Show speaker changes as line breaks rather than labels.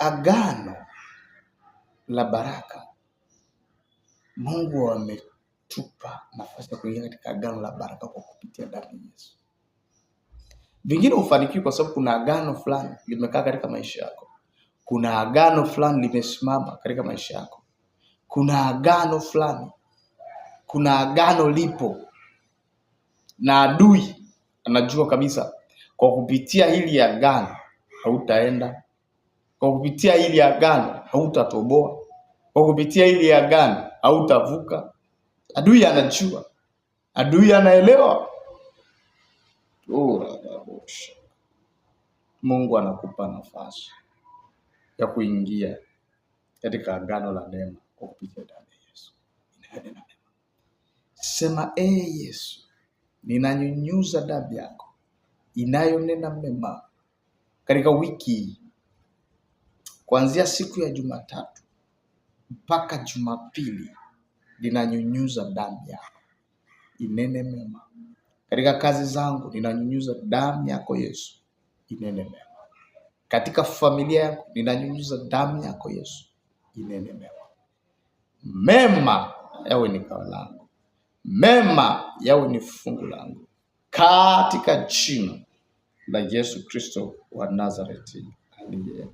agano la baraka. Mungu ametupa nafasi ya kuingia katika agano la baraka kwa kupitia damu ya Yesu. Vingine hufanikiwi kwa sababu kuna agano fulani limekaa katika maisha yako, kuna agano fulani limesimama katika maisha yako, kuna agano fulani, kuna agano lipo na adui anajua kabisa, kwa kupitia hili agano hautaenda kwa kupitia hili agano hautatoboa, kwa kupitia hili agano hautavuka. Adui anajua, adui anaelewa. Mungu anakupa nafasi ya kuingia katika agano la neema kwa kupitia damu ya Yesu. Sema, ee hey Yesu, ninanyunyuza damu yako inayonena mema katika wiki kuanzia siku ya Jumatatu mpaka Jumapili ninanyunyuza damu yako. Inene mema katika kazi zangu, ninanyunyuza damu yako Yesu. Inene mema katika familia yako, ninanyunyuza damu yako Yesu. Inene mema mema yawe ni kao langu, mema yawe ni fungu langu, katika jina la Yesu Kristo wa Nazareti aliye